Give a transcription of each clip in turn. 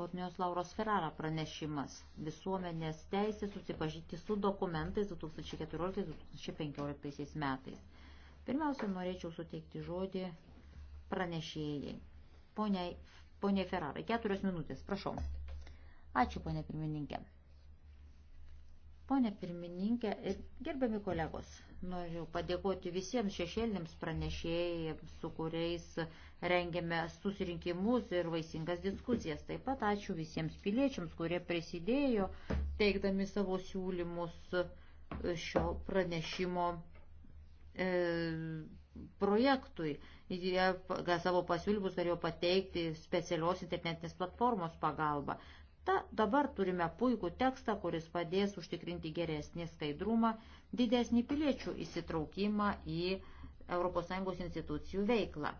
Ponios Lauros Ferrara pranešimas visuomenės teisė susipažinti su dokumentais 2014-2015 metais. Pirmiausia, norėčiau suteikti žodį pranešėjai. Poniai, poniai Ferrarai, keturios minutės, prašom. Ačiū, ponė pirmininkė. Pone pirmininkė ir gerbiami kolegos, noriu padėkoti visiems šešėlėms pranešėjams, su kuriais rengėme susirinkimus ir vaisingas diskusijas. Taip pat ačiū visiems piliečiams, kurie prisidėjo teikdami savo siūlymus šio pranešimo e, projektui. Jie savo pasiūlymus galėjo pateikti specialios internetinės platformos pagalba. Ta, dabar turime puikų tekstą, kuris padės užtikrinti geresnį skaidrumą, didesnį piliečių įsitraukimą į ES institucijų veiklą.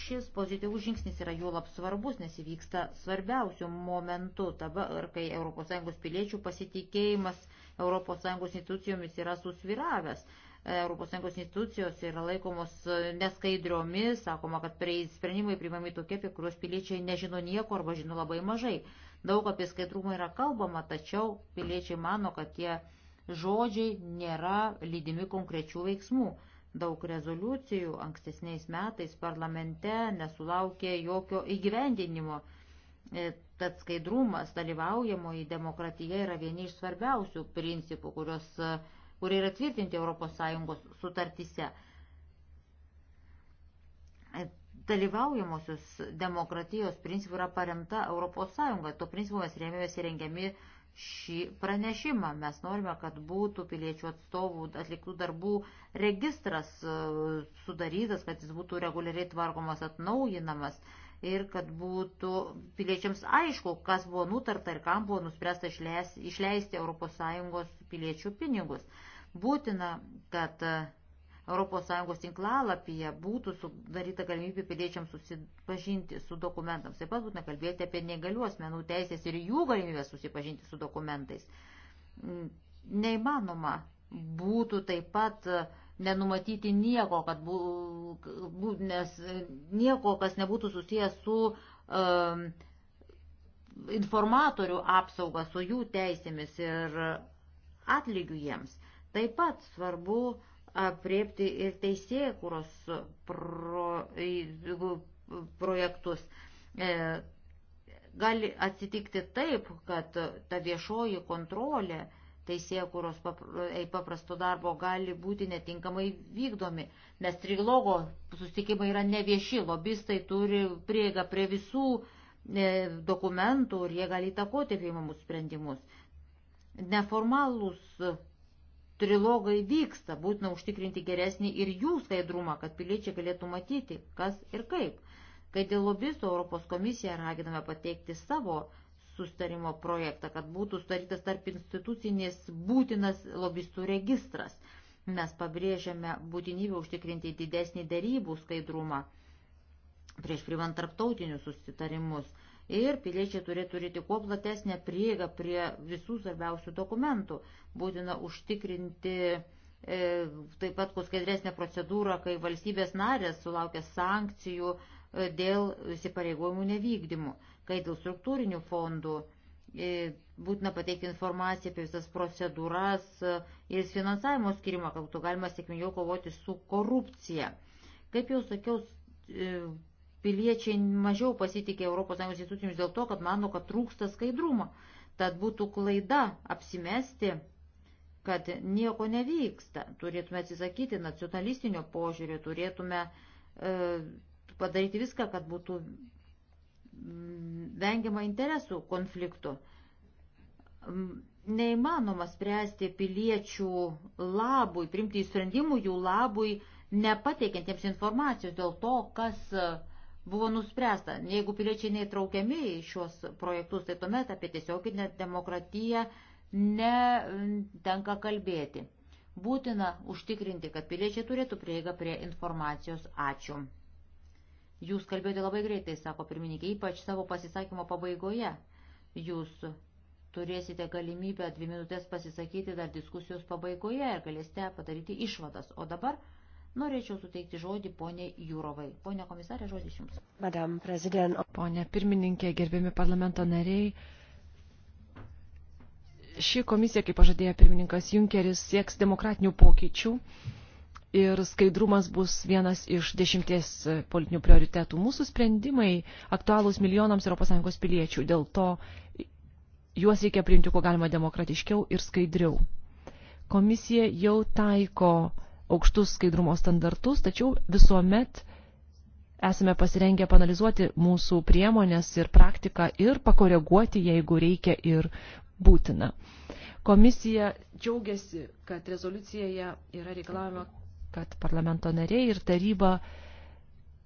Šis pozityvus žingsnis yra juolab svarbus, nes įvyksta svarbiausių momentų dabar, kai ES piliečių pasitikėjimas ES institucijomis yra susviravęs. ES institucijos yra laikomos neskaidriomis, sakoma, kad sprendimai priimami tokie, apie kuriuos piliečiai nežino nieko arba žino labai mažai. Daug apie skaidrumą yra kalbama, tačiau piliečiai mano, kad tie žodžiai nėra lydimi konkrečių veiksmų. Daug rezoliucijų ankstesniais metais parlamente nesulaukė jokio įgyvendinimo. E, tad skaidrumas dalyvaujamoji demokratija yra vieni iš svarbiausių principų, kurios, kurie yra tvirtinti ES sutartyse dalyvaujamosios demokratijos principų yra paremta Europos Sąjunga. Tuo principu mes rėmėmės įrengiami šį pranešimą. Mes norime, kad būtų piliečių atstovų atliktų darbų registras e, sudarytas, kad jis būtų reguliariai tvarkomas, atnaujinamas ir kad būtų piliečiams aišku, kas buvo nutarta ir kam buvo nuspręsta išleisti ES piliečių pinigus. Būtina, kad ES tinklalapyje būtų sudaryta galimybė piliečiams susipažinti su dokumentams. Taip pat būtina kalbėti apie negalių asmenų teisės ir jų galimybę susipažinti su dokumentais. Mm, neįmanoma būtų taip pat e, nenumatyti nieko, kad bū, bū, nes, e, nieko kas nebūtų susijęs su um, informatorių apsauga, su jų teisėmis ir atlygių jiems. Taip pat svarbu uh, apriepti ir teisėjų kūros pro, projektus. E, gali atsitikti taip, kad ta viešoji kontrolė teisėjų kūros paprasto darbo gali būti netinkamai vykdomi, nes trilogo susitikimai yra nevieši, lobistai turi prieigą prie visų e, dokumentų ir jie gali įtakoti priimamus sprendimus. Neformalūs trilogai vyksta, būtina užtikrinti geresnį ir jų skaidrumą, kad piliečiai galėtų matyti, kas ir kaip. Kai dėl lobisto Europos komisija raginame pateikti savo sustarimo projektą, kad būtų sudarytas tarp institucinis būtinas lobistų registras. Mes pabrėžiame būtinybę užtikrinti didesnį dėrybų skaidrumą prieš privant tarptautinius susitarimus ir piliečiai turėtų turėti kuo platesnę prieigą prie visų svarbiausių dokumentų. Būtina užtikrinti e, taip pat kuo skaidresnę procedūrą, kai valstybės narės sulaukia sankcijų e, dėl įsipareigojimų nevykdymų, kai dėl struktūrinių fondų e, būtina pateikti informaciją apie visas procedūras e, ir finansavimo skirimą, kad būtų galima sėkmingiau kovoti su korupcija. Kaip jau sakiau, e, piliečiai mažiau pasitikė ES institucijomis dėl to, kad mano, kad trūksta skaidrumo. Tad būtų klaida apsimesti, kad nieko nevyksta. Turėtume atsisakyti nacionalistinio požiūrio, turėtume e, padaryti viską, kad būtų mm, vengiama interesų konfliktų. Mm, neįmanoma spręsti piliečių labui, primti įsprendimų jų labui, nepateikiantiems informacijos dėl to, kas buvo nuspręsta, jeigu piliečiai neįtraukiami į šios projektus, tai tuomet apie tiesioginę demokratiją netenka kalbėti. Būtina užtikrinti, kad piliečiai turėtų prieigą prie informacijos. Ačiū. Jūs kalbėjote labai greitai, sako pirmininkė, ypač savo pasisakymo pabaigoje. Jūs turėsite galimybę dvi minutės pasisakyti dar diskusijos pabaigoje ir galėsite padaryti išvadas. O dabar Norėčiau suteikti žodį ponė Jūrovai. Pone komisarė, žodis jums. Madam prezident. Pone pirmininkė, gerbiami parlamento nariai. Ši komisija, kaip pažadėjo pirmininkas Junkeris, sieks demokratinių pokyčių ir skaidrumas bus vienas iš dešimties politinių prioritetų. Mūsų sprendimai aktualūs milijonams ES piliečių, dėl to juos reikia priimti kuo galima demokratiškiau ir skaidriau. Komisija jau taiko aukštus skaidrumo standartus, tačiau visuomet esame pasirengę panalizuoti mūsų priemonės ir praktiką ir pakoreguoti, jeigu reikia ir būtina. Komisija džiaugiasi, kad rezoliucijoje yra reikalavimo, kad parlamento nariai ir taryba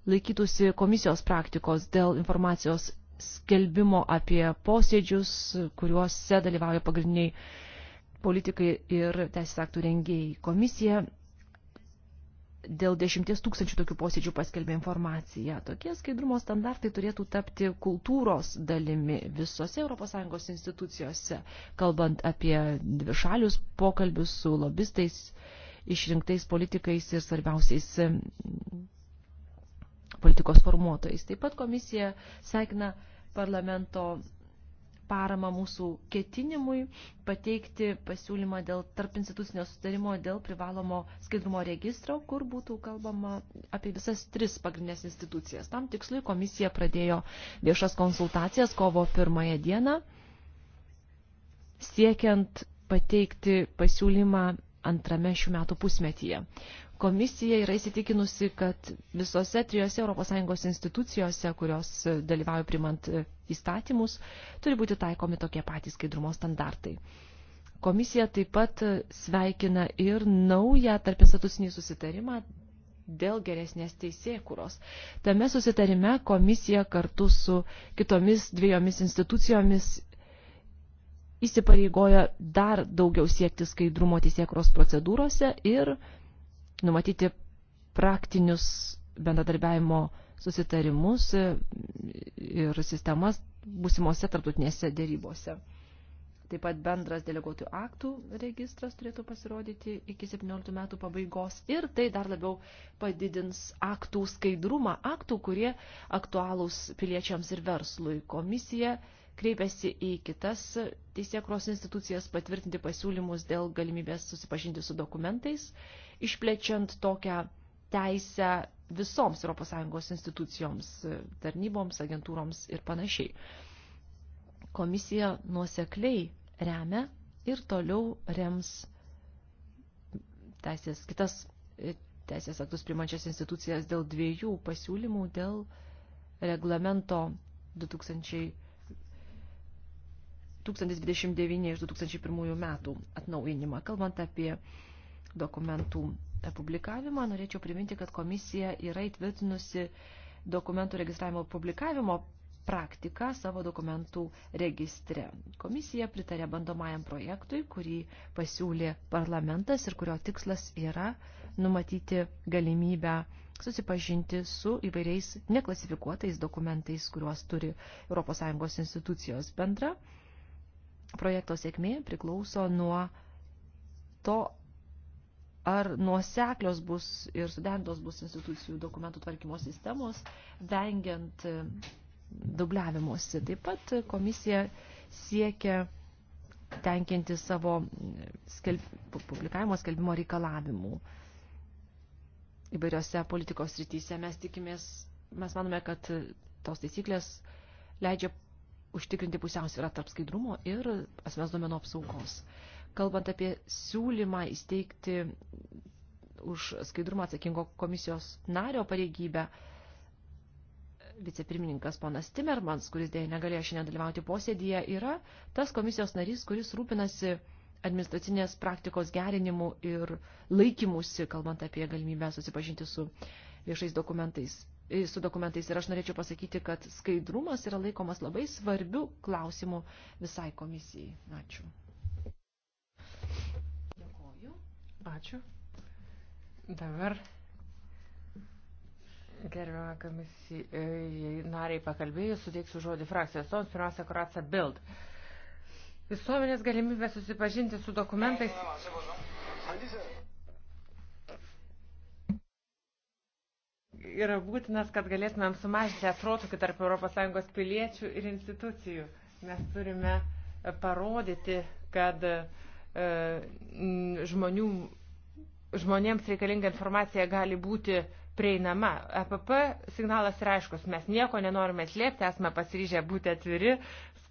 laikytųsi komisijos praktikos dėl informacijos skelbimo apie posėdžius, kuriuose dalyvauja pagrindiniai politikai ir teisės aktų rengėjai. Komisija dėl dešimties tūkstančių tokių posėdžių paskelbė informaciją. Tokie skaidrumo standartai turėtų tapti kultūros dalimi visose ES institucijose, kalbant apie dvišalius pokalbius su lobistais, išrinktais politikais ir svarbiausiais politikos formuotojais. Taip pat komisija sveikina parlamento paramą mūsų ketinimui pateikti pasiūlymą dėl tarp institucinio sutarimo dėl privalomo skaidrumo registro, kur būtų kalbama apie visas tris pagrindinės institucijas. Tam tikslui komisija pradėjo viešas konsultacijas kovo pirmąją dieną, siekiant pateikti pasiūlymą antrame šių metų pusmetyje. Komisija yra įsitikinusi, kad visose trijose ES institucijose, kurios dalyvauja primant įstatymus, turi būti taikomi tokie patys skaidrumo standartai. Komisija taip pat sveikina ir naują tarp institucinį susitarimą dėl geresnės teisėkuros. Tame susitarime komisija kartu su kitomis dviejomis institucijomis įsipareigojo dar daugiau siekti skaidrumo teisėkuros procedūrose ir numatyti praktinius bendradarbiavimo susitarimus ir sistemas būsimose tarptautinėse dėrybose. Taip pat bendras deleguotų aktų registras turėtų pasirodyti iki 17 metų pabaigos ir tai dar labiau padidins aktų skaidrumą, aktų, kurie aktualūs piliečiams ir verslui. Komisija kreipėsi į kitas teisėkros institucijas patvirtinti pasiūlymus dėl galimybės susipažinti su dokumentais, išplečiant tokią teisę visoms ES institucijoms, tarnyboms, agentūroms ir panašiai. Komisija nuosekliai remia ir toliau rems teisės, kitas e, teisės aktus primančias institucijas dėl dviejų pasiūlymų dėl reglamento 2000 1029 iš 2001 metų atnaujinimą. Kalbant apie dokumentų publikavimą, norėčiau priminti, kad komisija yra įtvirtinusi dokumentų registravimo publikavimo praktiką savo dokumentų registre. Komisija pritarė bandomajam projektui, kurį pasiūlė parlamentas ir kurio tikslas yra numatyti galimybę susipažinti su įvairiais neklasifikuotais dokumentais, kuriuos turi ES institucijos bendra projekto sėkmė priklauso nuo to, ar nuoseklios bus ir sudentos bus institucijų dokumentų tvarkymo sistemos, vengiant e, dubliavimuose. Taip pat komisija siekia tenkinti savo mm, skelb... publikavimo skelbimo reikalavimų. Įvairiose politikos rytyse mes tikimės, mes manome, kad e, tos taisyklės leidžia užtikrinti pusiausvyrą tarp skaidrumo ir asmens duomenų apsaugos. Kalbant apie siūlymą įsteigti už skaidrumą atsakingo komisijos nario pareigybę, vicepirmininkas ponas Timmermans, kuris dėja negalėjo šiandien dalyvauti posėdyje, yra tas komisijos narys, kuris rūpinasi administracinės praktikos gerinimu ir laikymusi, kalbant apie galimybę susipažinti su viešais dokumentais su dokumentais. Ir aš norėčiau pasakyti, kad skaidrumas yra laikomas labai svarbių klausimų visai komisijai. Ačiū. Dėkoju. Ačiū. Dabar Gerbiamą komisijai e, nariai pakalbėjus, suteiksiu žodį frakcijos toms, pirmiausia, Kuratsa Bild. Visuomenės galimybė susipažinti su dokumentais yra būtinas, kad galėtumėm sumažinti atrotokį tarp ES piliečių ir institucijų. Mes turime e, parodyti, kad e, žmonių, žmonėms reikalinga informacija gali būti prieinama. APP e signalas yra aiškus, mes nieko nenorime slėpti, esame pasiryžę būti atviri,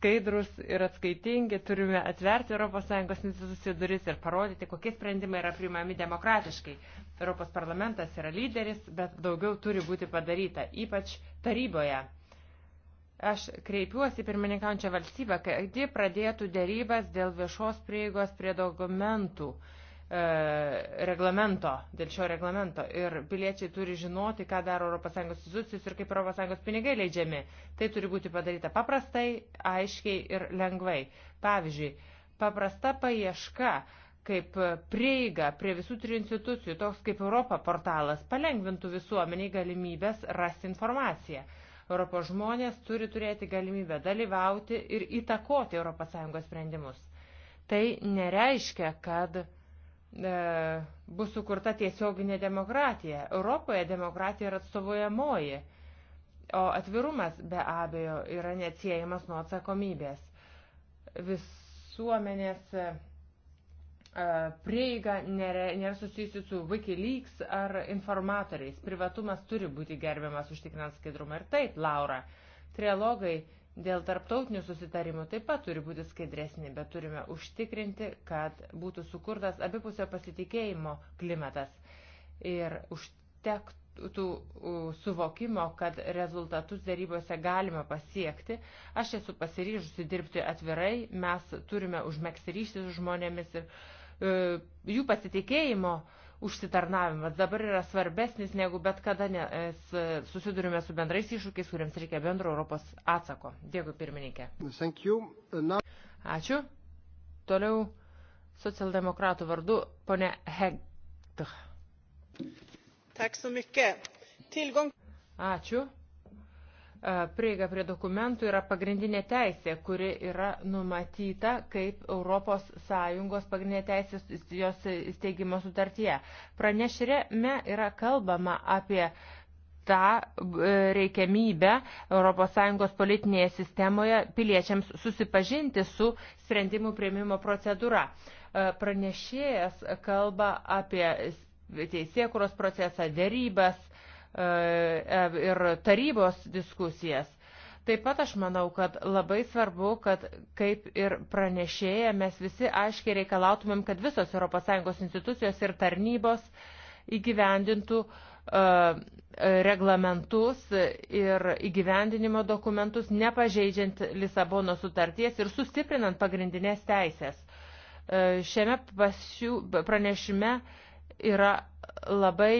skaidrus ir atskaitingi, turime atverti ES institucijų duris ir parodyti, kokie sprendimai yra priimami demokratiškai. Europos parlamentas yra lyderis, bet daugiau turi būti padaryta, ypač taryboje. Aš kreipiuosi pirmininkaujančią valstybę, kad ji pradėtų dėrybas dėl viešos prieigos prie dokumentų. Uh, E, reglamento, dėl šio reglamento. Ir piliečiai turi žinoti, ką daro ES institucijos ir kaip ES pinigai leidžiami. Tai turi būti padaryta paprastai, aiškiai ir lengvai. Pavyzdžiui, paprasta paieška kaip prieiga prie visų trijų institucijų, toks kaip Europa portalas, palengvintų visuomeniai galimybės rasti informaciją. Europos žmonės turi turėti galimybę dalyvauti ir įtakoti ES sprendimus. Tai nereiškia, kad uh, E, bus sukurta tiesioginė demokratija. Europoje demokratija yra atstovojamoji, o atvirumas be abejo yra neatsiejamas nuo atsakomybės. Visuomenės e, e, prieiga nėra, nėra susijusi su Wikileaks ar informatoriais. Privatumas turi būti gerbiamas užtikrinant skaidrumą. Ir taip, Laura, trialogai Dėl tarptautinių susitarimų taip pat turi būti skaidresnė, bet turime užtikrinti, kad būtų sukurtas abipusio pasitikėjimo klimatas ir užtektų suvokimo, kad rezultatus darybose galima pasiekti. Aš esu pasiryžusi dirbti atvirai, mes turime užmėgsti ryšį su žmonėmis ir e, jų pasitikėjimo e, užsitarnavimas dabar yra svarbesnis negu bet kada, nes e, susidurime su bendrais iššūkiais, kuriems reikia bendro Europos atsako. Dėkui, pirmininkė. Uh, now... Ačiū. Toliau socialdemokratų vardu ponė Hegt. Ačiū. E, prieiga prie dokumentų yra pagrindinė teisė, kuri yra numatyta kaip ES pagrindinė teisė jos įsteigimo sutartyje. Pranešime yra kalbama apie tą e, reikiamybę ES politinėje sistemoje piliečiams susipažinti su sprendimų prieimimo procedūra. E, pranešėjas kalba apie teisėkuros procesą, dėrybas, E, ir tarybos diskusijas. Taip pat aš manau, kad labai svarbu, kad kaip ir pranešėja mes visi aiškiai reikalautumėm, kad visos ES institucijos ir tarnybos įgyvendintų uh, reglamentus ir įgyvendinimo dokumentus, nepažeidžiant Lisabono sutarties ir sustiprinant pagrindinės teisės. Uh, šiame pasiū, pranešime yra labai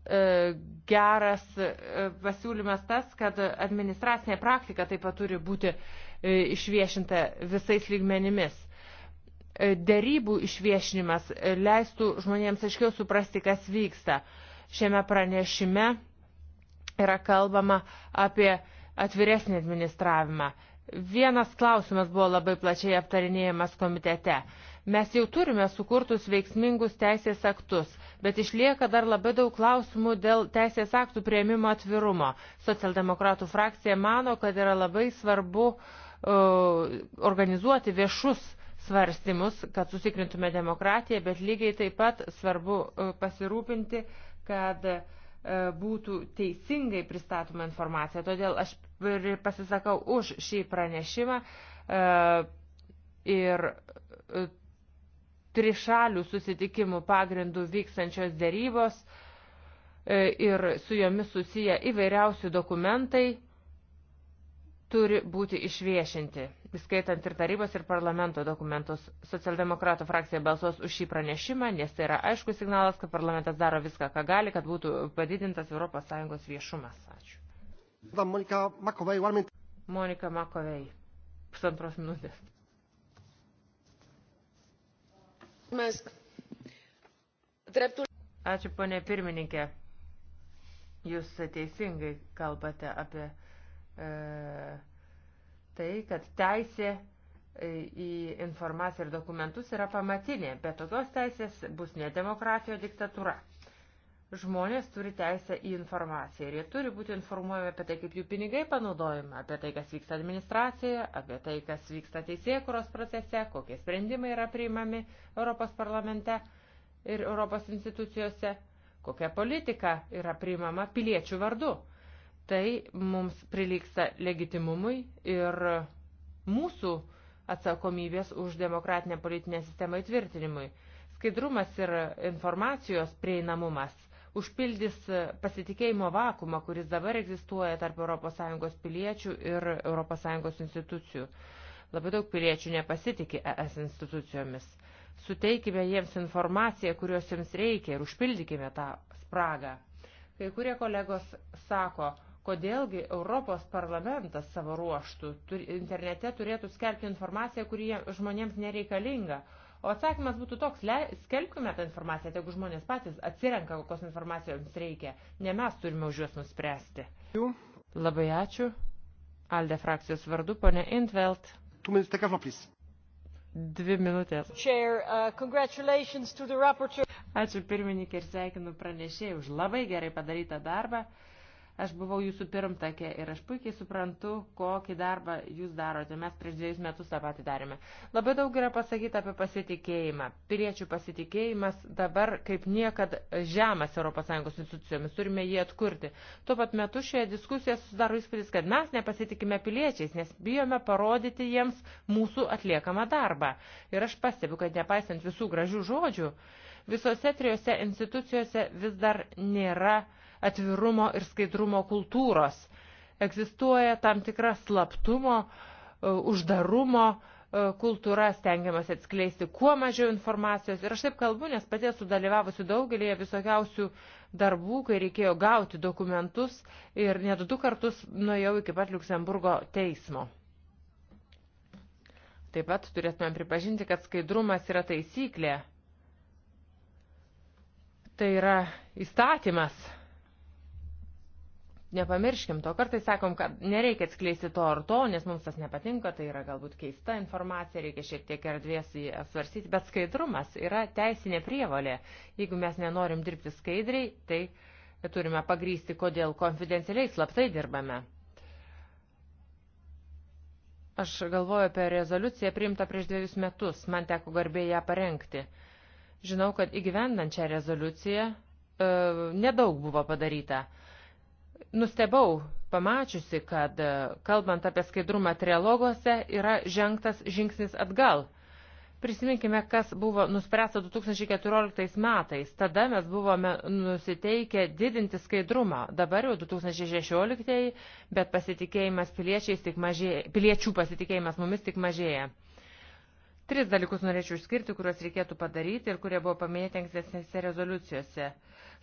E, geras e, pasiūlymas tas, kad administracinė praktika taip pat turi būti e, išviešinta visais lygmenimis. Dėrybų išviešinimas leistų žmonėms aiškiau suprasti, kas vyksta. Šiame pranešime yra kalbama apie atviresnį administravimą. Vienas klausimas buvo labai plačiai aptarinėjamas komitete. Uh, Mes jau turime sukurtus veiksmingus teisės aktus, bet išlieka dar labai daug klausimų dėl teisės aktų prieimimo atvirumo. Socialdemokratų frakcija mano, kad yra labai svarbu uh, organizuoti viešus svarstymus, kad susikrintume demokratiją, bet lygiai taip pat svarbu uh, pasirūpinti, kad uh, būtų teisingai pristatoma informacija. Todėl aš pasisakau už šį pranešimą uh, ir uh, trišalių susitikimų pagrindų vykstančios dėrybos e, ir su jomis susiję įvairiausių dokumentai turi būti išviešinti, įskaitant ir tarybos ir parlamento dokumentus. Socialdemokratų frakcija balsuos už šį pranešimą, nes tai yra aišku signalas, kad parlamentas daro viską, ką gali, kad būtų padidintas ES viešumas. Ačiū. Monika Makovei, pusantros minutės. Ačiū, ponė pirmininkė. Jūs teisingai kalbate apie e, tai, kad teisė e, į informaciją ir dokumentus yra pamatinė, bet tokios teisės bus ne demokratija, o diktatūra žmonės turi teisę į informaciją ir jie turi būti informuojami apie tai, kaip jų pinigai panaudojami, apie tai, kas vyksta administracijoje, apie tai, kas vyksta teisėkuros procese, kokie sprendimai yra priimami Europos parlamente ir Europos institucijose, kokia politika yra priimama piliečių vardu. Tai mums priliksta legitimumui ir mūsų atsakomybės už demokratinę politinę sistemą įtvirtinimui. Skaidrumas ir informacijos prieinamumas – užpildys pasitikėjimo vakumą, kuris dabar egzistuoja tarp ES piliečių ir ES institucijų. Labai daug piliečių nepasitikė ES institucijomis. Suteikime jiems informaciją, kurios jiems reikia ir užpildykime tą spragą. Kai kurie kolegos sako, kodėlgi Europos parlamentas savo ruoštų internete turėtų skelbti informaciją, kuri žmonėms nereikalinga, O atsakymas būtų toks, le, skelbkime tą informaciją, jeigu žmonės patys atsirenka, kokios informacijos reikia, ne mes turime už juos nuspręsti. Jų. Labai ačiū. Alde frakcijos vardu, ponė Intveld. Tu minutės, teka vaplis. Dvi minutės. Chair, uh, Ačiū pirmininkė ir sveikinu pranešėjai už labai gerai padarytą darbą. Uh, Aš buvau jūsų pirmtakė ir aš puikiai suprantu, kokį darbą jūs darote. Mes prieš dviejus metus tą patį darėme. Labai daug yra pasakyta apie pasitikėjimą. Piliečių pasitikėjimas dabar kaip niekad žemas ES institucijomis. Turime jį atkurti. Tuo pat metu šioje diskusijoje susidaro įspūdis, kad mes nepasitikime piliečiais, nes bijome parodyti jiems mūsų atliekamą darbą. Ir aš pastebiu, kad nepaisant visų gražių žodžių, visose trijose institucijose vis dar nėra uh, atvirumo ir skaidrumo kultūros. Egzistuoja tam tikra slaptumo, e, uždarumo e, kultūra, stengiamas atskleisti kuo mažiau informacijos. Ir aš taip kalbu, nes pati esu dalyvavusi daugelėje visokiausių darbų, kai reikėjo gauti dokumentus ir net du kartus nuėjau iki pat Luksemburgo teismo. Taip pat turėtumėm pripažinti, kad skaidrumas yra taisyklė. Tai yra įstatymas, Nepamirškim to, kartais sakom, kad nereikia atskleisti to ar to, nes mums tas nepatinka, tai yra galbūt keista informacija, reikia šiek tiek erdvės jį apsvarstyti, bet skaidrumas yra teisinė prievalė. Jeigu mes nenorim dirbti skaidriai, tai turime pagrysti, kodėl konfidencialiai slaptai dirbame. Aš galvoju apie rezoliuciją priimtą prieš dviejus metus, man teko garbė ją parengti. Žinau, kad įgyvendant šią rezoliuciją e, nedaug buvo padaryta. Nustebau, pamačiusi, kad e, kalbant apie skaidrumą trialoguose yra žengtas žingsnis atgal. Prisiminkime, kas buvo nuspręsta 2014 metais. Tada mes buvome nusiteikę didinti skaidrumą. Dabar jau 2016, bet pasitikėjimas piliečiais tik mažėja, piliečių pasitikėjimas mumis tik mažėja. Tris dalykus norėčiau išskirti, kuriuos reikėtų padaryti ir kurie buvo paminėti ankstesnėse rezoliucijose.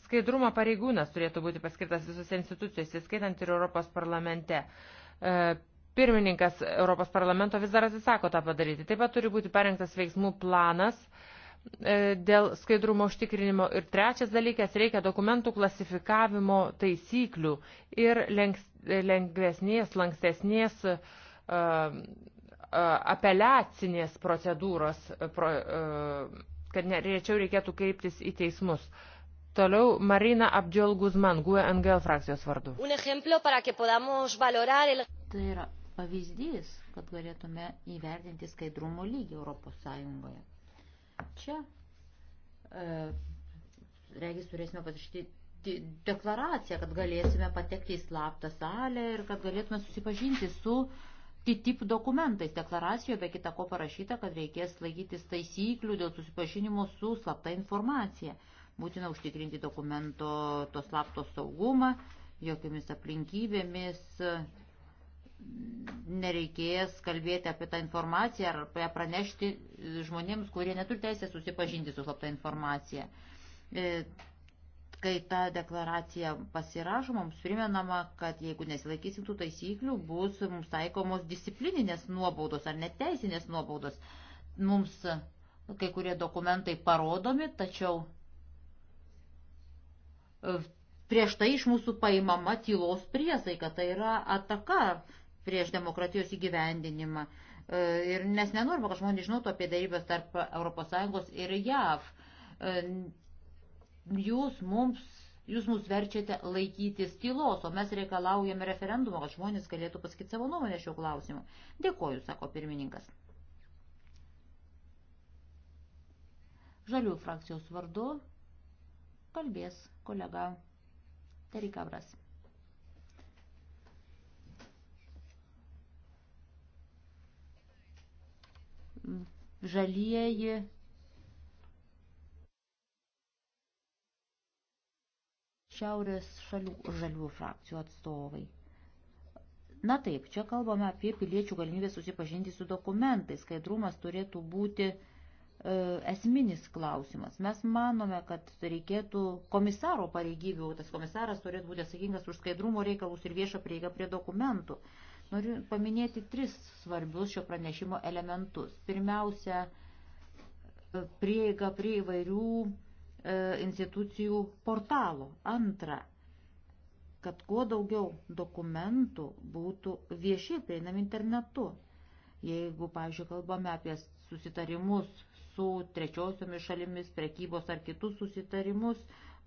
Skaidrumo pareigūnas turėtų būti paskirtas visose institucijose, skaitant ir Europos parlamente. E, pirmininkas Europos parlamento vis dar atsisako tą padaryti. Taip pat turi būti parengtas veiksmų planas e, dėl skaidrumo užtikrinimo. Ir trečias dalykas - reikia dokumentų klasifikavimo taisyklių ir lengvesnės, lankstesnės e, apeliacinės procedūros, kad rečiau reikėtų kreiptis į teismus. Toliau Marina Abdžiol Guzman, GUE NGL frakcijos vardu. Tai yra pavyzdys, kad galėtume įvertinti skaidrumo lygį Europos Sąjungoje. Čia, e, regis, turėsime pasirašyti deklaraciją, kad galėsime patekti į slaptą salę ir kad galėtume susipažinti su TTIP dokumentais. Deklaracijoje be kita ko parašyta, kad reikės laikytis taisyklių dėl susipažinimo su slapta informacija. E, Būtina užtikrinti dokumento to slapto saugumą, jokiomis aplinkybėmis nereikės kalbėti apie tą informaciją ar ją pranešti žmonėms, kurie neturi teisės susipažinti su slapta informacija. E, kai ta deklaracija pasirašo, mums primenama, kad jeigu nesilaikysim tų taisyklių, bus mums taikomos disciplininės nuobaudos ar neteisinės nuobaudos. Mums kai kurie dokumentai parodomi, tačiau E, prieš tai iš mūsų paimama tylos priesaika, tai yra ataka prieš demokratijos įgyvendinimą. E, ir nes nenorime, kad žmonės žinotų apie darybas tarp ES ir JAV. E, jūs mums, jūs mus verčiate laikytis tylos, o mes reikalaujame referendumo, kad žmonės galėtų pasakyti savo nuomonę šiuo klausimu. Dėkoju, sako pirmininkas. Žalių frakcijos vardu kalbės kolega Terikavras. Žalieji šiaurės šalių žalių frakcijų atstovai. Na taip, čia kalbame apie piliečių galimybę susipažinti su dokumentais. Skaidrumas turėtų būti uh, E, esminis klausimas. Mes manome, kad reikėtų komisaro pareigybių, tas komisaras turėtų būti atsakingas už skaidrumo reikalus ir viešą prieigą prie dokumentų. Noriu paminėti tris svarbius šio pranešimo elementus. Pirmiausia, e, prieiga prie įvairių e, institucijų portalų. Antra, kad kuo daugiau dokumentų būtų viešiai prieinami internetu. Jeigu, pavyzdžiui, kalbame apie susitarimus su trečiosiomis šalimis, prekybos ar kitus susitarimus,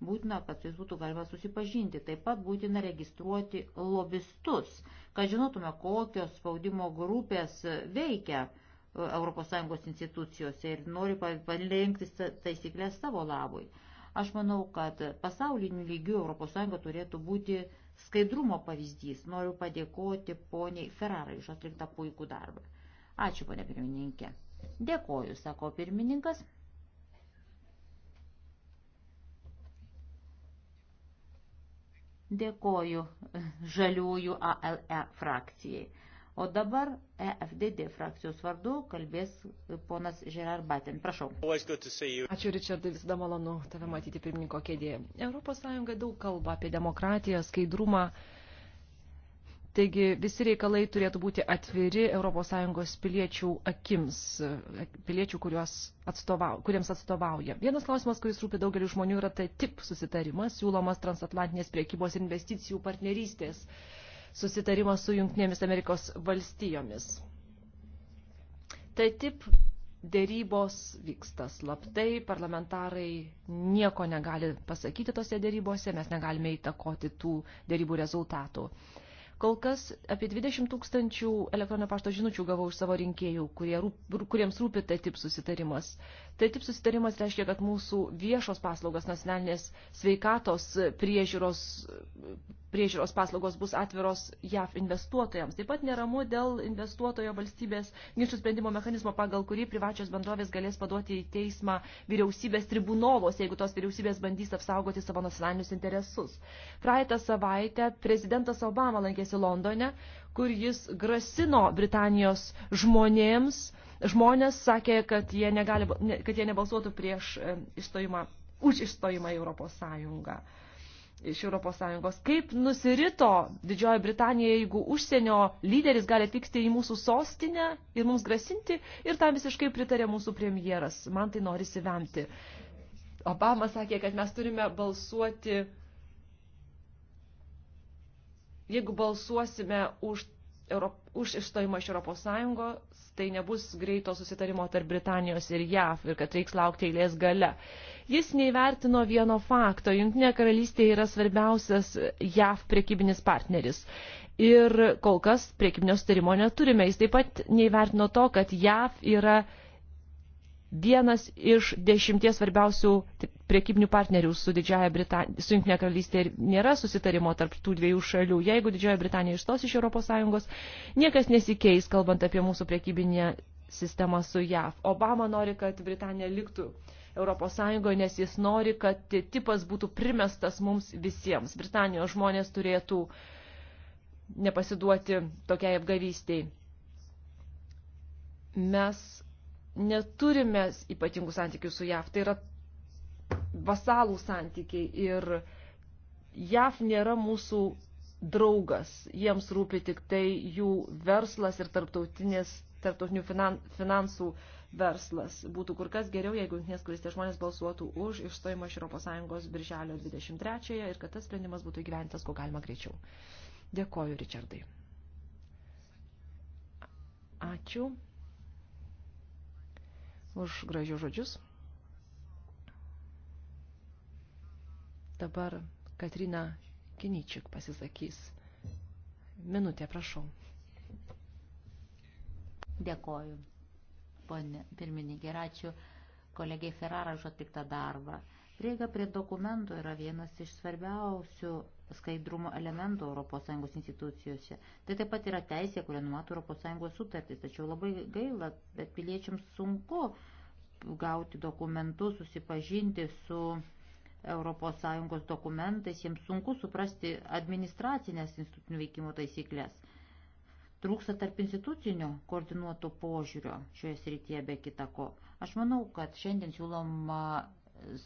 būtina, kad su jais būtų galima susipažinti. Taip pat būtina registruoti lobistus, kad žinotume, kokios spaudimo grupės veikia ES institucijose ir nori palengti taisyklės savo labui. Aš manau, kad pasauliniu lygiu ES turėtų būti skaidrumo pavyzdys. Noriu padėkoti poniai Ferrarai už atliktą puikų darbą. Ačiū, ponė pirmininkė. Dėkoju, sako pirmininkas. Dėkoju žaliųjų ALE frakcijai. O dabar EFDD frakcijos vardu kalbės ponas Gerard Batin. Prašau. Ačiū, Richardai, visada malonu tave matyti pirmininko kėdėje. ES daug kalba apie demokratiją, skaidrumą Taigi visi reikalai turėtų būti atviri ES piliečių akims, piliečių, atstovau, kuriems atstovauja. Vienas klausimas, kuris rūpi daugeliu žmonių, yra tai tip susitarimas, siūlomas transatlantinės priekybos investicijų partnerystės susitarimas su Junktinėmis Amerikos valstijomis. Tai tip dėrybos vyksta slaptai, parlamentarai nieko negali pasakyti tose dėrybose, mes negalime įtakoti tų dėrybų rezultatų. Kol kas apie 20 tūkstančių elektroninio pašto žinučių gavau iš savo rinkėjų, kurie, kuriems rūpi TTIP susitarimas. TTIP susitarimas reiškia, kad mūsų viešos paslaugos nacionalinės sveikatos priežiūros priežiūros paslaugos bus atviros JAF investuotojams. Taip pat neramu dėl investuotojo valstybės ginčių sprendimo mechanizmo, pagal kurį privačios bendrovės galės paduoti į teismą vyriausybės tribunovos, jeigu tos vyriausybės bandys apsaugoti savo nacionalinius interesus. Praeitą savaitę prezidentas Obama lankėsi Londone, kur jis grasino Britanijos žmonėms, žmonės sakė, kad jie, negali, kad jie nebalsuotų prieš e, išstojimą, už išstojimą į Europos Sąjungą iš ES. Kaip nusirito Didžioji Britanija, jeigu užsienio lyderis gali atvykti į mūsų sostinę ir mums grasinti, ir tam visiškai pritarė mūsų premjeras. Man tai norisi vemti. Obama sakė, kad mes turime balsuoti, jeigu balsuosime už, Europ, už išstojimą iš ES, tai nebus greito susitarimo tarp Britanijos ir JAV ir kad reiks laukti eilės gale. Jis neįvertino vieno fakto. Junktinė karalystė yra svarbiausias JAV prekybinis partneris. Ir kol kas priekybinio sutarimo neturime. Jis taip pat neįvertino to, kad JAV yra vienas iš dešimties svarbiausių priekybinių partnerių su Didžiaja Britanija, su Junktinė karalystė ir nėra susitarimo tarp tų dviejų šalių. Jeigu Didžioja Britanija išstos iš ES, niekas nesikeis, kalbant apie mūsų priekybinę sistemą su JAV. Obama nori, kad Britanija liktų ES, nes jis nori, kad tipas būtų primestas mums visiems. Britanijos žmonės turėtų nepasiduoti tokiai apgavystiai. Mes neturime ypatingų santykių su JAV, tai yra vasalų santykiai ir JAV nėra mūsų draugas, jiems rūpi tik tai jų verslas ir tarptautinės, tarptautinių finan, finansų verslas. Būtų kur kas geriau, jeigu jungtinės karalystės žmonės balsuotų už išstojimą iš ES birželio 23-ąją ir kad tas sprendimas būtų įgyventas, kuo galima greičiau. Dėkoju, Richardai. Ačiū už gražius žodžius. Dabar Katrina Kiničiuk pasisakys. Minutė, prašau. Dėkoju, ponė pirmininkė, ir ačiū kolegiai Ferrara už atliktą darbą. Prieiga prie dokumentų yra vienas iš svarbiausių skaidrumo elementų ES institucijose. Tai taip pat yra teisė, kurią numato ES sutartys, tačiau labai gaila, bet piliečiams sunku gauti dokumentus, susipažinti su ES dokumentais, jiems sunku suprasti administracinės institucinių veikimo taisyklės. Trūksta tarp institucinio koordinuoto požiūrio šioje srityje be kitako. Aš manau, kad šiandien siūloma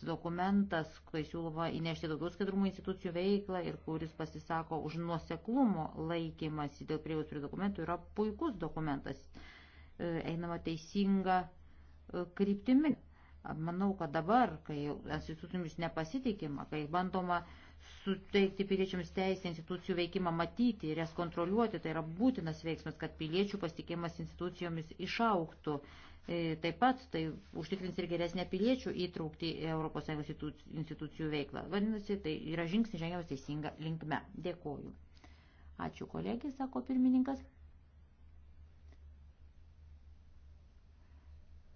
dokumentas, kai siūloma įnešti daugiau skaidrumo institucijų veiklą ir kuris pasisako už nuoseklumo laikymasi dėl prieus prie dokumentų, yra puikus dokumentas. E, einama teisinga e, kryptimi. Manau, kad dabar, kai institucijomis nepasitikima, kai bandoma suteikti piliečiams teisę institucijų veikimą matyti ir jas kontroliuoti, tai yra būtinas veiksmas, kad piliečių pasitikėjimas institucijomis išauktų E, taip pat tai užtikrins ir geresnę piliečių įtraukti į ES institucijų veiklą. Vadinasi, tai yra žingsnis žengiamas teisinga linkme. Dėkoju. Ačiū kolegijai, sako pirmininkas.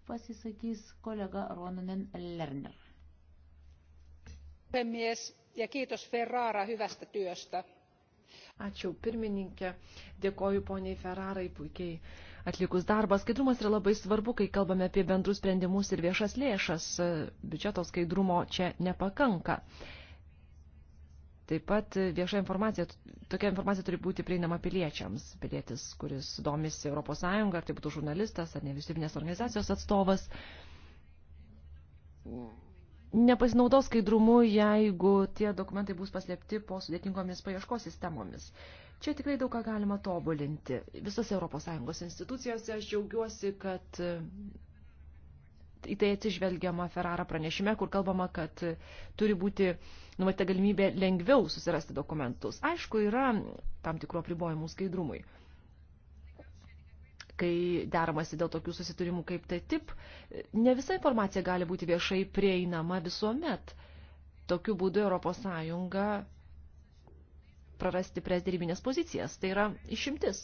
Pasisakys kolega Ronanen Lerner. Puhemies ja kiitos Ferrara hyvästä työstä. Ačiū pirmininkė, dėkoju poniai Ferrarai puikiai atlikus darbą. Skaidrumas yra labai svarbu, kai kalbame apie bendrus sprendimus ir viešas lėšas. Biudžeto skaidrumo čia nepakanka. Taip pat vieša informacija, tokia informacija turi būti prieinama piliečiams. Pilietis, kuris domisi ES, ar tai būtų žurnalistas, ar nevyriausybinės organizacijos atstovas, nepasinaudos skaidrumu, jeigu tie dokumentai bus paslėpti po sudėtingomis paieškos sistemomis. Čia tikrai daug ką galima tobulinti. Visose ES institucijose aš džiaugiuosi, kad e, į tai atsižvelgiama Ferrara pranešime, kur kalbama, kad e, turi būti numatyta galimybė lengviau susirasti dokumentus. Aišku, yra tam tikro pribojimų skaidrumui. Kai deramasi dėl tokių susiturimų kaip tai tip, ne visa informacija gali būti viešai prieinama visuomet. Tokiu būdu ES prarasti prezdirybinės pozicijas. Tai yra išimtis.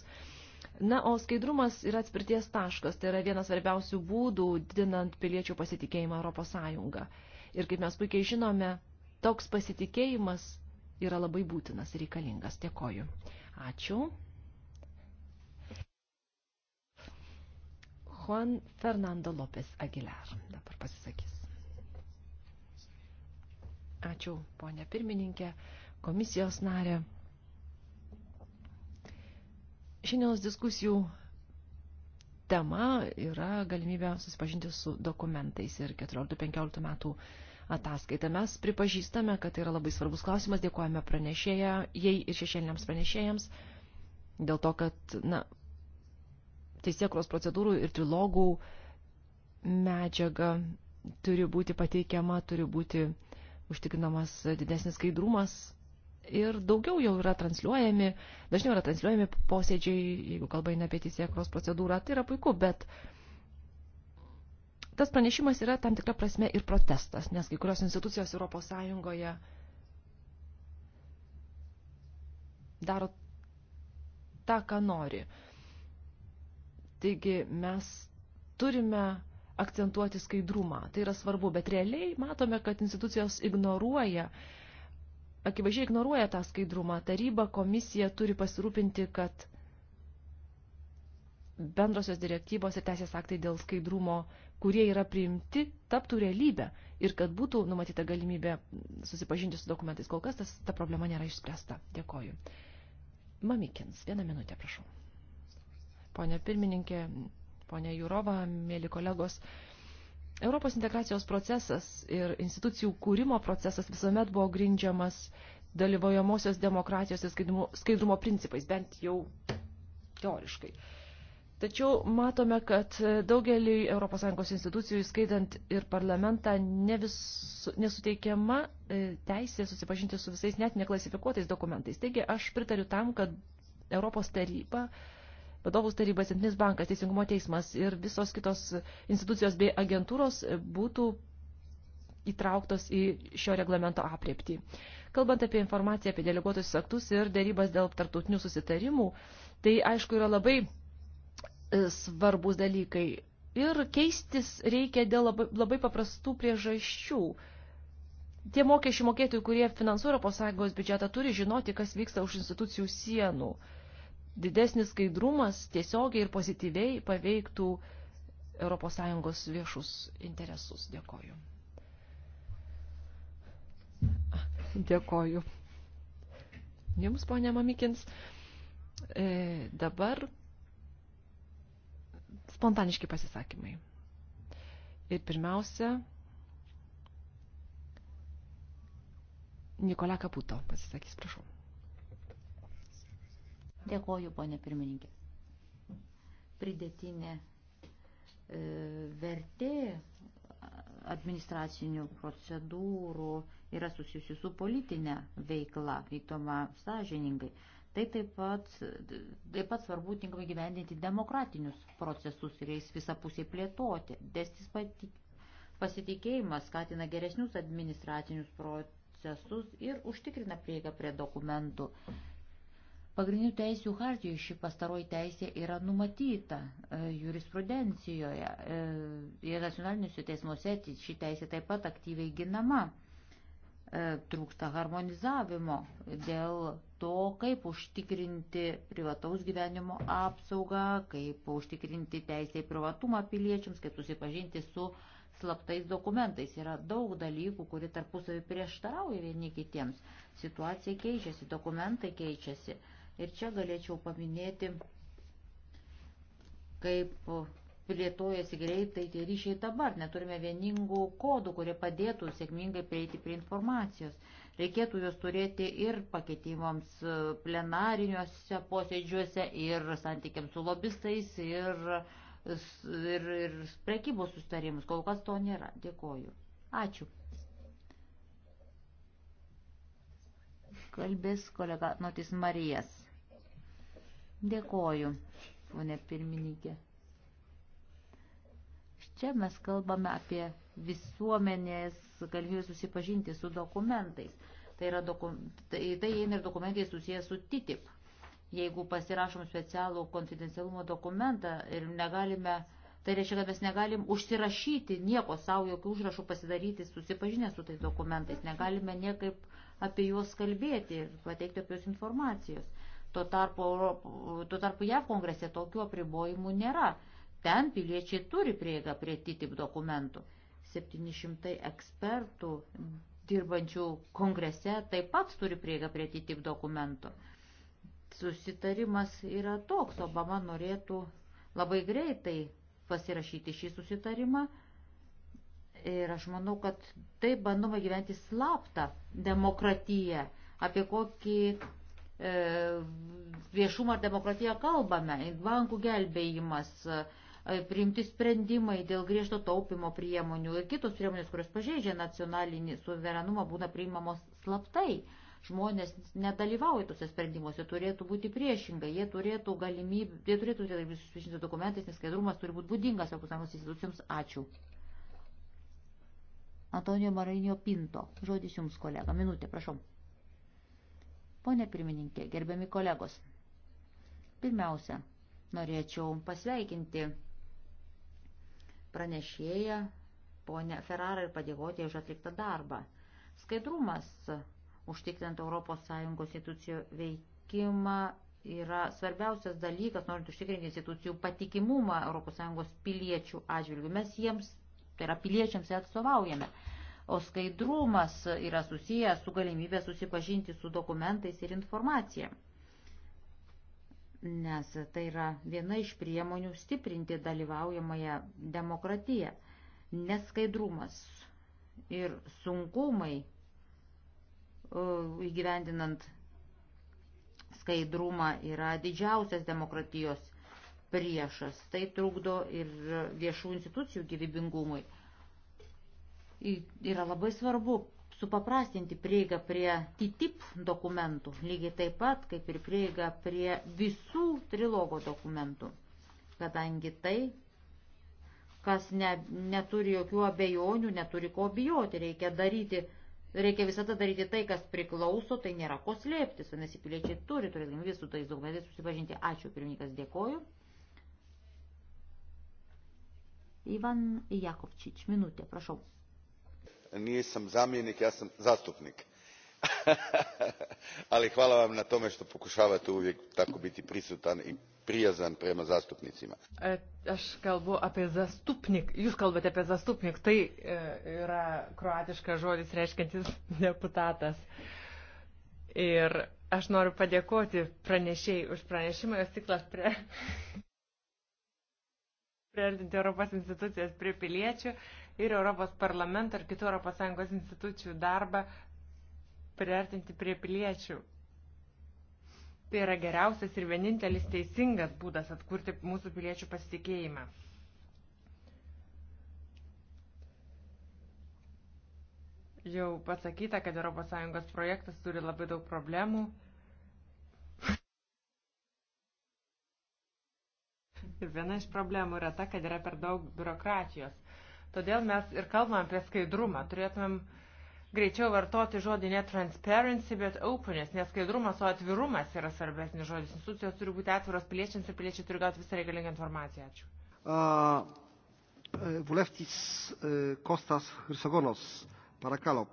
Na, o skaidrumas yra atspirties taškas, tai yra vienas svarbiausių būdų didinant piliečių pasitikėjimą Europos Sąjungą. Ir kaip mes puikiai žinome, toks pasitikėjimas yra labai būtinas ir reikalingas. Dėkoju. Ačiū. Juan Fernando López Aguilar dabar pasisakys. Ačiū, ponė pirmininkė, komisijos narė. Šiandienos diskusijų tema yra galimybė susipažinti su dokumentais ir 14-15 metų ataskaita. Mes pripažįstame, kad tai yra labai svarbus klausimas, dėkojame pranešėjai ir šešėliniams pranešėjams dėl to, kad na, teisėkros procedūrų ir trilogų medžiaga turi būti pateikiama, turi būti užtikrinamas didesnis skaidrumas ir daugiau jau yra transliuojami, dažniau yra transliuojami posėdžiai, jeigu kalba eina apie teisėkros procedūrą, tai yra puiku, bet tas pranešimas yra tam tikra prasme ir protestas, nes kai kurios institucijos Europos Sąjungoje daro tą, ką nori. Taigi mes turime akcentuoti skaidrumą. Tai yra svarbu, bet realiai matome, kad institucijos ignoruoja uh, akivaizdžiai ignoruoja tą skaidrumą. Taryba, komisija turi pasirūpinti, kad bendrosios direktyvos ir teisės aktai dėl skaidrumo, kurie yra priimti, taptų realybę ir kad būtų numatyta galimybė susipažinti su dokumentais. Kol kas tas, ta problema nėra išspręsta. Dėkoju. Mamikins, vieną minutę, prašau. Pone pirmininkė, ponė Jurova, mėly kolegos, uh, Europos integracijos procesas ir institucijų kūrimo procesas visuomet buvo grindžiamas dalyvojamosios demokratijos ir skaidrumo, skaidrumo principais, bent jau teoriškai. Tačiau matome, kad daugelį ES institucijų, skaidant ir parlamentą, ne vis, nesuteikiama e, teisė susipažinti su visais net neklasifikuotais dokumentais. Taigi aš pritariu tam, kad Europos taryba uh, vadovus tarybas, Centrinis bankas, Teisingumo teismas ir visos kitos institucijos bei agentūros būtų įtrauktos į šio reglamento apriepti. Kalbant apie informaciją apie deleguotus aktus ir dėrybas dėl tartutinių susitarimų, tai aišku yra labai e, svarbus dalykai. Ir keistis reikia dėl labai, labai paprastų priežasčių. Tie mokesčių mokėtojai, kurie finansuoja ES biudžetą, turi žinoti, kas vyksta už institucijų sienų. Uh, didesnis skaidrumas tiesiogiai ir pozityviai paveiktų ES viešus interesus. Dėkoju. Dėkoju. Jums, ponė Mamikins, e, dabar spontaniški pasisakymai. Ir pirmiausia, Nikola Kaputo pasisakys, prašau. Dėkoju, ponė pirmininkė. Pridėtinė e, vertė administracinių procedūrų yra susijusi su politinė veikla, vykdoma sąžiningai. Tai taip pat, taip pat svarbu tinkamai gyvendinti demokratinius procesus ir jais visapusiai plėtoti. Destis pasitikėjimas skatina geresnius administracinius procesus ir užtikrina prieigą prie dokumentų. Pagrindinių teisių hartijoje ši pastaroji teisė yra numatyta e, jurisprudencijoje e, ir nacionaliniuose teismuose ši teisė taip pat aktyviai ginama. E, trūksta harmonizavimo dėl to, kaip užtikrinti privataus gyvenimo apsaugą, kaip užtikrinti teisę į privatumą piliečiams, kaip susipažinti su slaptais dokumentais. Yra daug dalykų, kurie tarpusavį prieštarauja vieni kitiems. Situacija keičiasi, dokumentai keičiasi. Ir čia galėčiau paminėti, kaip plėtojasi greitai tie ryšiai dabar. Neturime vieningų kodų, kurie padėtų sėkmingai prieiti prie informacijos. Reikėtų juos turėti ir pakeitimams plenariniuose posėdžiuose, ir santykiams su lobistais, ir, ir, ir prekybos sustarimus. Kol kas to nėra. Dėkoju. Ačiū. Kalbės kolega Notis Marijas. Dėkoju, ponė pirmininkė. Čia mes kalbame apie visuomenės galimybę susipažinti su dokumentais. Tai, yra doku, tai, tai eina ir dokumentai susijęs su TTIP. Jeigu pasirašom specialų konfidencialumo dokumentą ir negalime, tai reiškia, kad mes negalim užsirašyti nieko savo, jokių užrašų pasidaryti, susipažinę su tais dokumentais, negalime niekaip apie juos kalbėti ir pateikti apie juos informacijos. Tuo tarpu, Europo, tuo tarpu JAV kongrese tokių apribojimų nėra. Ten piliečiai turi prieigą prie TTIP dokumentų. 700 ekspertų dirbančių kongrese taip pat turi prieigą prie TTIP dokumentų. Susitarimas yra toks, Obama norėtų labai greitai pasirašyti šį susitarimą. Ir aš manau, kad taip bandoma gyventi slaptą demokratiją, apie kokį E, viešumą ar demokratiją kalbame, bankų gelbėjimas, e, priimti sprendimai dėl griežto taupimo priemonių ir kitos priemonės, kurios pažeidžia nacionalinį suverenumą, būna priimamos slaptai. Žmonės nedalyvauja tuose sprendimuose, turėtų būti priešingai, jie turėtų galimybę, jie turėtų galimybę susipažinti dokumentais, nes skaidrumas turi būti būdingas Europos Sąjungos institucijoms. Ačiū. Antonio Marinio Pinto. Žodis jums, kolega. Minutė, prašom. Pone pirmininkė, gerbiami kolegos, pirmiausia, norėčiau pasveikinti pranešėją, ponę Ferrarą ir padėkoti už atliktą darbą. Skaidrumas užtikrinant ES institucijų veikimą yra svarbiausias dalykas, norint užtikrinti institucijų patikimumą ES piliečių atžvilgių. Mes jiems, tai yra piliečiams, atstovaujame o skaidrumas yra susijęs su galimybė susipažinti su dokumentais ir informacija. Nes tai yra viena iš priemonių stiprinti dalyvaujamąją demokratiją. Neskaidrumas ir sunkumai įgyvendinant skaidrumą yra didžiausias demokratijos priešas. Tai trukdo ir viešų institucijų gyvybingumui yra labai svarbu supaprastinti prieigą prie TTIP dokumentų, lygiai taip pat kaip ir prieigą prie visų trilogo dokumentų, kadangi tai, kas ne, neturi jokių abejonių, neturi ko bijoti, reikia daryti. Reikia visada daryti tai, kas priklauso, tai nėra ko slėptis, vadinasi, piliečiai turi, turi galimybę su tais dokumentais susipažinti. Ačiū, pirmininkas, dėkoju. Ivan Jakovčič, minutė, prašau nisam zamjenik ja sam zastupnik ali hvala vam na tome što pokušavate uvijek tako biti prisutan i prijazan prema zastupnicima. E, aš kalbu apie zastupnik, jūs kalbate apie zastupnik, tai e, yra kroatiškas žodis reiškiantis deputatas. Ir aš noriu padėkoti pranešėjai už pranešimą, jos tiklas prie priartinti Europos institucijas prie piliečių ir Europos parlamentą ar kitų ES institucijų darbą priartinti prie piliečių. Tai yra geriausias ir vienintelis teisingas būdas atkurti mūsų piliečių pasitikėjimą. Jau pasakyta, kad ES projektas turi labai daug problemų. Ir viena iš problemų yra ta, kad yra per daug biurokratijos. Todėl mes ir kalbam apie skaidrumą. Turėtumėm greičiau vartoti žodį ne transparency, bet openness, nes skaidrumas, o atvirumas yra svarbesnis žodis. Institucijos turi būti atviros piliečiams ir piliečiai turi gauti visą reikalingą informaciją. Ačiū. Uh, e, Vuleftis uh, e, Kostas Hrisogonos, Parakalo.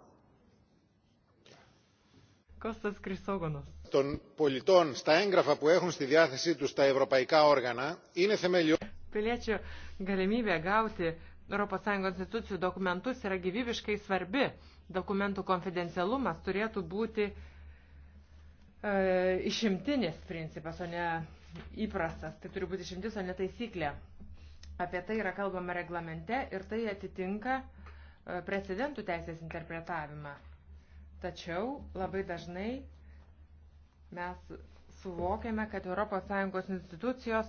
Κώστας Κρυσόγονος. Των πολιτών στα έγγραφα που έχουν στη διάθεσή τους τα ευρωπαϊκά όργανα είναι θεμελιώδη. Piliečių galimybė gauti ES institucijų dokumentus yra gyvybiškai svarbi. Dokumentų konfidencialumas turėtų būti e, išimtinis principas, o ne įprastas. Tai turi būti išimtis, o ne taisyklė. Apie tai yra kalbama reglamente ir tai atitinka e, precedentų teisės interpretavimą. Tačiau labai dažnai mes suvokiame, kad ES institucijos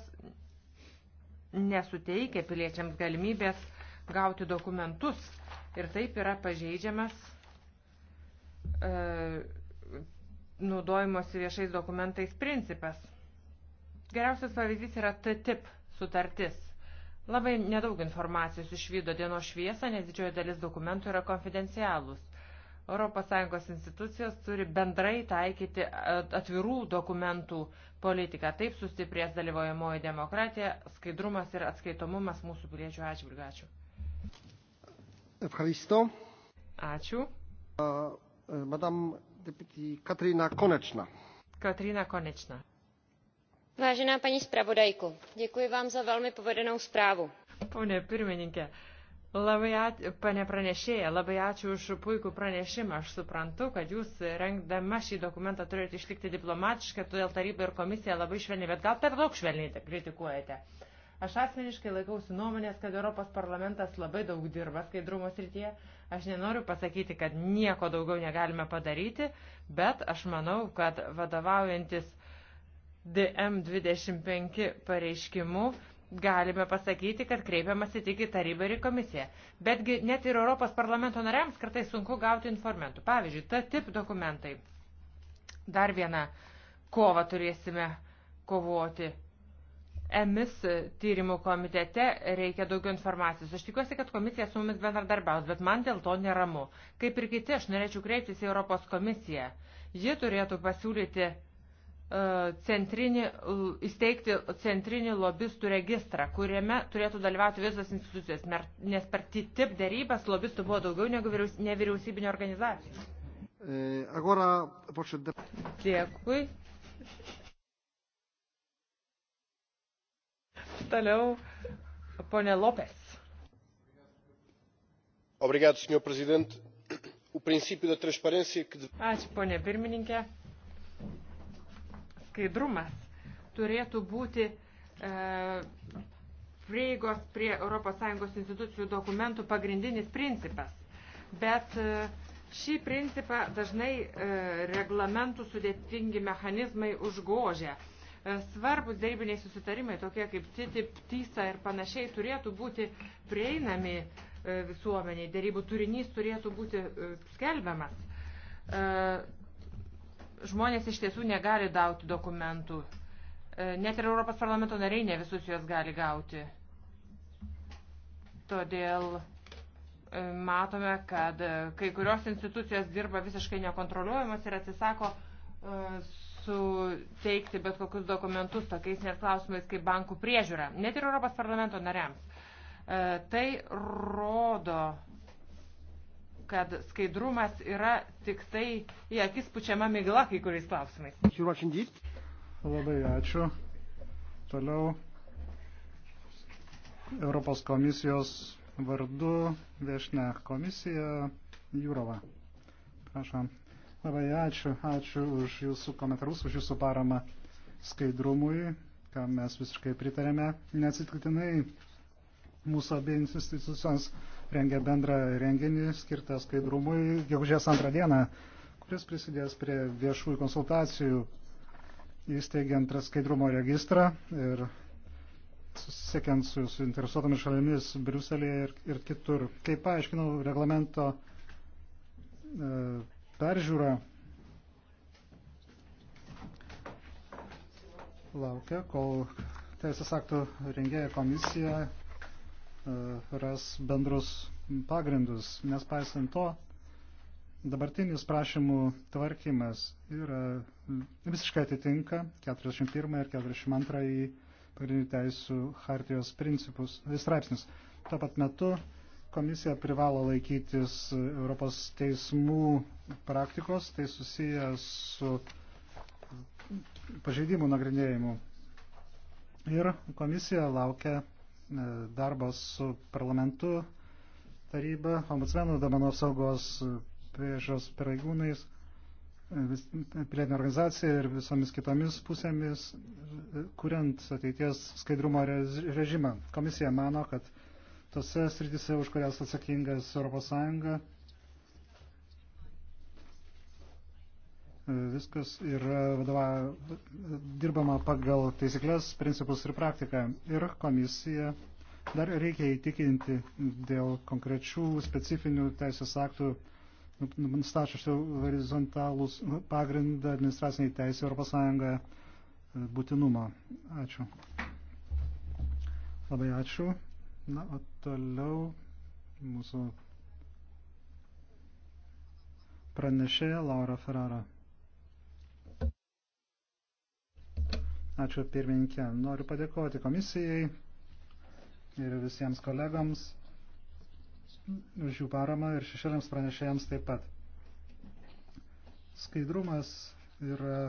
nesuteikia piliečiams galimybės gauti dokumentus ir taip yra pažeidžiamas e, naudojimosi viešais dokumentais principas. Geriausias pavyzdys yra TTIP sutartis. Labai nedaug informacijos išvydo dienos šviesą, nes didžioji dalis dokumentų yra konfidencialūs. ES institucijos turi bendrai taikyti atvirų dokumentų politiką. Taip sustiprės dalyvojamoji demokratija, skaidrumas ir atskaitomumas mūsų piliečių atžvilgių. Ačiū. Evharisto. Ačiū. Uh, Madam deputy Katrina Konečna. Katrina Konečna. Vážená paní spravodajko, děkuji vám za velmi povedenou zprávu. Pone pirmininkė, Labai ačiū, pane pranešėja, labai ačiū už puikų pranešimą. Aš suprantu, kad jūs rengdama šį dokumentą turėjote išlikti diplomatiškai, todėl taryba ir komisija labai švelniai, bet gal per daug švelniai kritikuojate. Aš asmeniškai laikausi nuomonės, kad Europos parlamentas labai daug dirba skaidrumo srityje. Aš nenoriu pasakyti, kad nieko daugiau negalime padaryti, bet aš manau, kad vadovaujantis DM25 pareiškimu galime pasakyti, kad kreipiamasi tik į tarybą ir į komisiją. Betgi net ir Europos parlamento nariams kartais sunku gauti informantų. Pavyzdžiui, ta tip dokumentai. Dar vieną kovą turėsime kovoti emis tyrimų komitete reikia daugiau informacijos. Aš tikiuosi, kad komisija su mumis bendradarbiaus, bet man dėl to neramu. Kaip ir kiti, aš norėčiau kreiptis į Europos komisiją. Ji turėtų pasiūlyti e, centrinį, įsteigti centrinį lobistų registrą, kuriame turėtų dalyvauti visos institucijos, nes per TTIP dėrybas lobistų buvo daugiau negu nevyriausybinio organizacijų. E, agora, Dėkui. Toliau ponė Lopes. Obrigado, senhor presidente. O princípio da transparência que. Ačiū, ponė pirmininkė. Skaidrumas turėtų būti e, prieigos prie ES institucijų dokumentų pagrindinis principas. Bet e, šį principą dažnai e, reglamentų sudėtingi mechanizmai užgožia. E, svarbus dėrybiniai susitarimai, tokie kaip CITIP, TISA ir panašiai, turėtų būti prieinami e, visuomeniai. Dėrybų turinys turėtų būti e, skelbiamas. Žmonės iš tiesų negali gauti dokumentų. Net ir Europos parlamento nariai ne visus juos gali gauti. Todėl matome, kad kai kurios institucijos dirba visiškai nekontroliuojamas ir atsisako suteikti bet kokius dokumentus tokiais net klausimais kaip bankų priežiūra, net ir Europos parlamento nariams. E, tai rodo, kad skaidrumas yra tik tai į akis pučiama migla kai kuriais klausimais. Labai ačiū. Toliau Europos komisijos vardu viešne komisija Jūrova. Prašom. Labai ačiū, ačiū už jūsų komentarus, už jūsų paramą skaidrumui, kam mes visiškai pritarėme. Neatsitiktinai mūsų abie institucijos rengia bendrą renginį skirtą skaidrumui gegužės antrą dieną, kuris prisidės prie viešųjų konsultacijų įsteigiant skaidrumo registrą ir susisiekiant su suinteresuotomis šalimis Briuselėje ir, ir kitur. Kaip paaiškinau, reglamento e, peržiūra laukia, kol teisės aktų rengėja komisija e, ras bendrus pagrindus, nes paisant to, dabartinis prašymų tvarkymas yra visiškai atitinka 41 ir 42 pagrindinių teisų hartijos principus, straipsnius. Tuo pat metu komisija privalo laikytis Europos teismų praktikos, tai susiję su pažeidimų nagrinėjimu. Ir komisija laukia e, darbas su parlamentu, taryba, ombudsmenų domenų apsaugos e, priežos pareigūnais, e, pilietinė organizacija ir visomis kitomis pusėmis, kuriant ateities skaidrumo režimą. Komisija mano, kad tose sritise, už kurias atsakingas ES. Viskas yra vadova, dirbama pagal taisyklės, principus ir praktiką. Ir komisija dar reikia įtikinti dėl konkrečių specifinių teisės aktų nustačiusių horizontalus pagrindą administraciniai teisė Europos Sąjungoje būtinumą. Ačiū. Labai ačiū. Na, o toliau mūsų pranešėja Laura Ferrara. Ačiū pirmininkė. Noriu padėkoti komisijai ir visiems kolegams už jų paramą ir šešėliams pranešėjams taip pat. Skaidrumas yra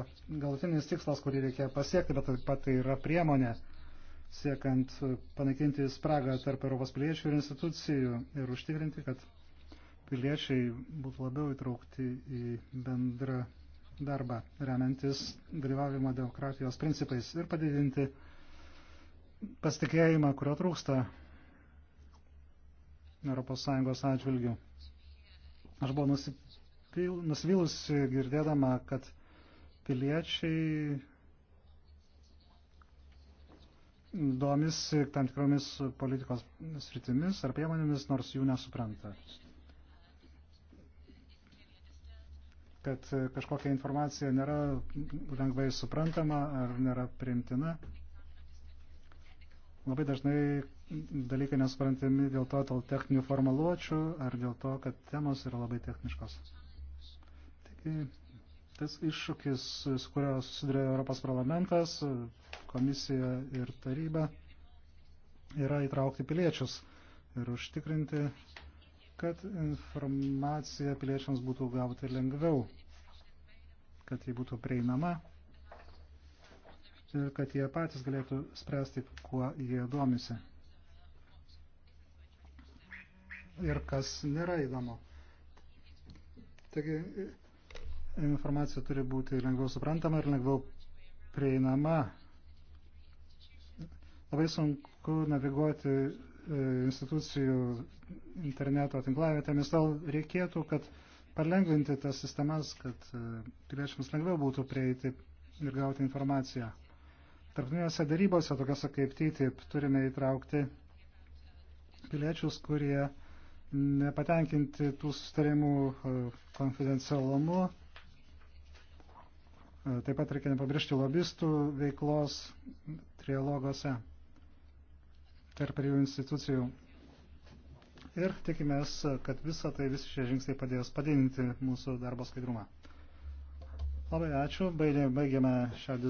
galutinis tikslas, kurį reikia pasiekti, bet taip pat tai yra priemonė siekant panaikinti spragą tarp Europos piliečių ir institucijų ir užtikrinti, kad piliečiai būtų labiau įtraukti į bendrą darbą, remiantis dalyvavimo demokratijos principais ir padidinti pasitikėjimą, kurio trūksta ES atžvilgių. Aš buvau nusivylusi girdėdama, kad piliečiai domisi tam tikromis politikos sritimis ar priemonėmis, nors jų nesupranta. Kad kažkokia informacija nėra lengvai suprantama ar nėra priimtina. Labai dažnai dalykai nesuprantami dėl to, dėl techninių formaluočių ar dėl to, kad temos yra labai techniškos. Taigi, tas iššūkis, su kurio susiduria Europos parlamentas, komisija ir taryba, yra įtraukti piliečius ir užtikrinti, kad informacija piliečiams būtų gauti lengviau, kad ji būtų prieinama ir kad jie patys galėtų spręsti, kuo jie domisi ir kas nėra įdomu. Taigi, informacija turi būti lengviau suprantama ir lengviau prieinama. Labai sunku naviguoti e, institucijų interneto tinklavietėmis, todėl reikėtų, kad palengvinti tas sistemas, kad e, piliečiams lengviau būtų prieiti ir gauti informaciją. Tarptautinėse darybose, tokiose kaip TTIP, turime įtraukti piliečius, kurie nepatenkinti tų sustarimų e, konfidencialumu E, taip pat reikia nepabrėžti lobistų veiklos trialoguose tarp jų institucijų. Ir tikimės, kad visa tai visi šie žingsniai padės padidinti mūsų darbo skaidrumą. Labai ačiū, baigėme šią diskusiją.